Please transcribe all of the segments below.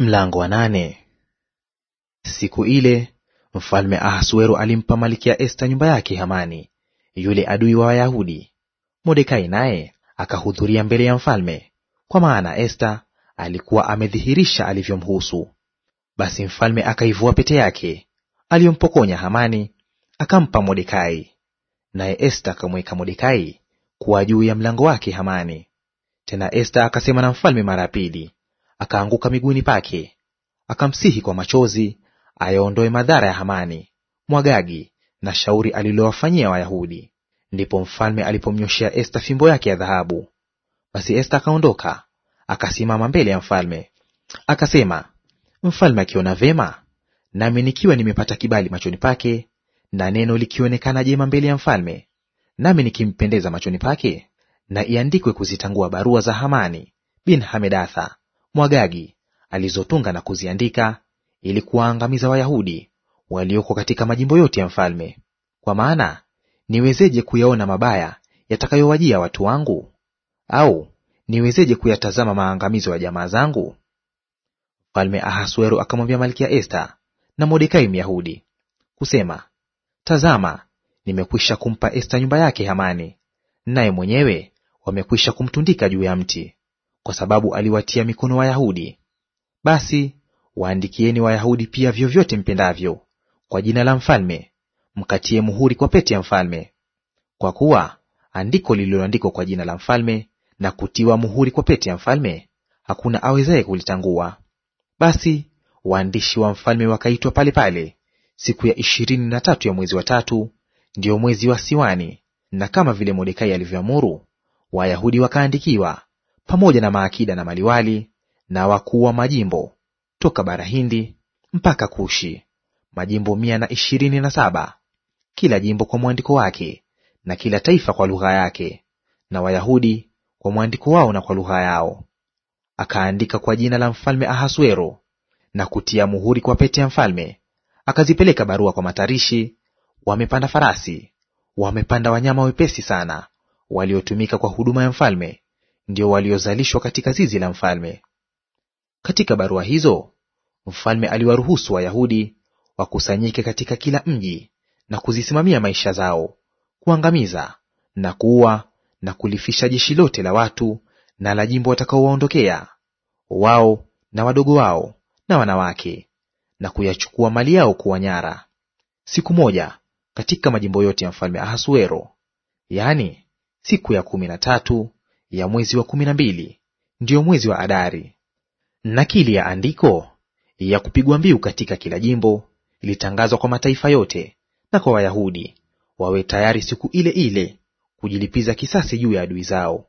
Mlango wa nane. Siku ile mfalme Ahasuero alimpa ya Esta nyumba yake Hamani, yule adui wa Wayahudi. Mordekai naye akahudhuria mbele ya mfalme, kwa maana Esta alikuwa amedhihirisha alivyomhusu. Basi mfalme akaivua pete yake aliyompokonya Hamani, akampa Mordekai. Naye Esta akamweka Mordekai kuwa juu ya mlango wake Hamani. Tena Esta akasema na mfalme mara pili akaanguka miguuni pake, akamsihi kwa machozi ayaondoe madhara ya Hamani Mwagagi na shauri alilowafanyia Wayahudi. Ndipo mfalme alipomnyoshea Esta fimbo yake ya dhahabu. Basi Esta akaondoka akasimama mbele ya mfalme, akasema, mfalme akiona vema, nami nikiwa nimepata kibali machoni pake, na neno likionekana jema mbele ya mfalme, nami nikimpendeza machoni pake, na iandikwe kuzitangua barua za Hamani bin Hamedatha Mwagagi alizotunga na kuziandika ili kuwaangamiza Wayahudi walioko katika majimbo yote ya mfalme. Kwa maana niwezeje kuyaona mabaya yatakayowajia watu wangu? Au niwezeje kuyatazama maangamizo ya jamaa zangu? Mfalme Ahasuero akamwambia Malkia Esta na Mordekai Myahudi kusema, Tazama, nimekwisha kumpa Esta nyumba yake Hamani, naye mwenyewe wamekwisha kumtundika juu ya mti kwa sababu aliwatia mikono Wayahudi. Basi waandikieni Wayahudi pia vyovyote mpendavyo kwa jina la mfalme, mkatie muhuri kwa pete ya mfalme. Kwa kuwa andiko lililoandikwa kwa jina la mfalme na kutiwa muhuri kwa pete ya mfalme, hakuna awezaye kulitangua. Basi waandishi wa mfalme wakaitwa pale pale siku ya ishirini na tatu ya mwezi wa tatu, ndiyo mwezi wa Siwani, na kama vile Mordekai alivyoamuru, Wayahudi wakaandikiwa pamoja na maakida na maliwali na wakuu wa majimbo toka bara Hindi mpaka Kushi, majimbo mia na ishirini na saba, kila jimbo kwa mwandiko wake, na kila taifa kwa lugha yake, na Wayahudi kwa mwandiko wao na kwa lugha yao. Akaandika kwa jina la mfalme Ahasuero na kutia muhuri kwa pete ya mfalme, akazipeleka barua kwa matarishi, wamepanda farasi, wamepanda wanyama wepesi sana, waliotumika kwa huduma ya mfalme ndio waliozalishwa katika zizi la mfalme. Katika barua hizo mfalme aliwaruhusu Wayahudi wakusanyike katika kila mji na kuzisimamia maisha zao, kuangamiza na kuua na kulifisha jeshi lote la watu na la jimbo watakaowaondokea, wao na wadogo wao na wanawake, na kuyachukua mali yao kuwa nyara, siku moja katika majimbo yote ya mfalme Ahasuero, yaani siku ya kumi na tatu ya mwezi wa kumi na mbili, ndiyo mwezi wa Adari. Nakili ya andiko ya kupigwa mbiu katika kila jimbo ilitangazwa kwa mataifa yote na kwa Wayahudi wawe tayari siku ile ile kujilipiza kisasi juu ya adui zao.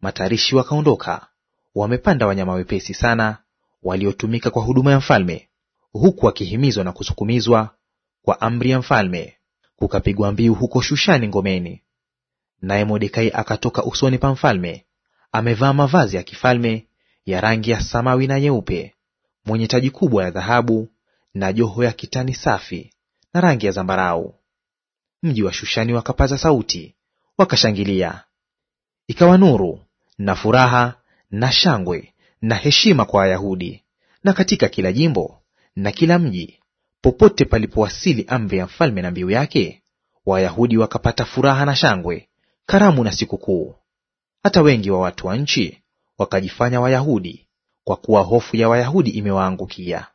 Matarishi wakaondoka wamepanda wanyama wepesi sana waliotumika kwa huduma ya mfalme, huku wakihimizwa na kusukumizwa kwa amri ya mfalme. Kukapigwa mbiu huko Shushani ngomeni. Naye Mordekai akatoka usoni pa mfalme amevaa mavazi ya kifalme ya rangi ya samawi na nyeupe, mwenye taji kubwa ya dhahabu na joho ya kitani safi na rangi ya zambarau. Mji wa Shushani wakapaza sauti, wakashangilia. Ikawa nuru na furaha na shangwe na heshima kwa Wayahudi, na katika kila jimbo na kila mji, popote palipowasili amri ya mfalme na mbiu yake, Wayahudi wakapata furaha na shangwe karamu na sikukuu. Hata wengi wa watu wa nchi wakajifanya Wayahudi, kwa kuwa hofu ya Wayahudi imewaangukia.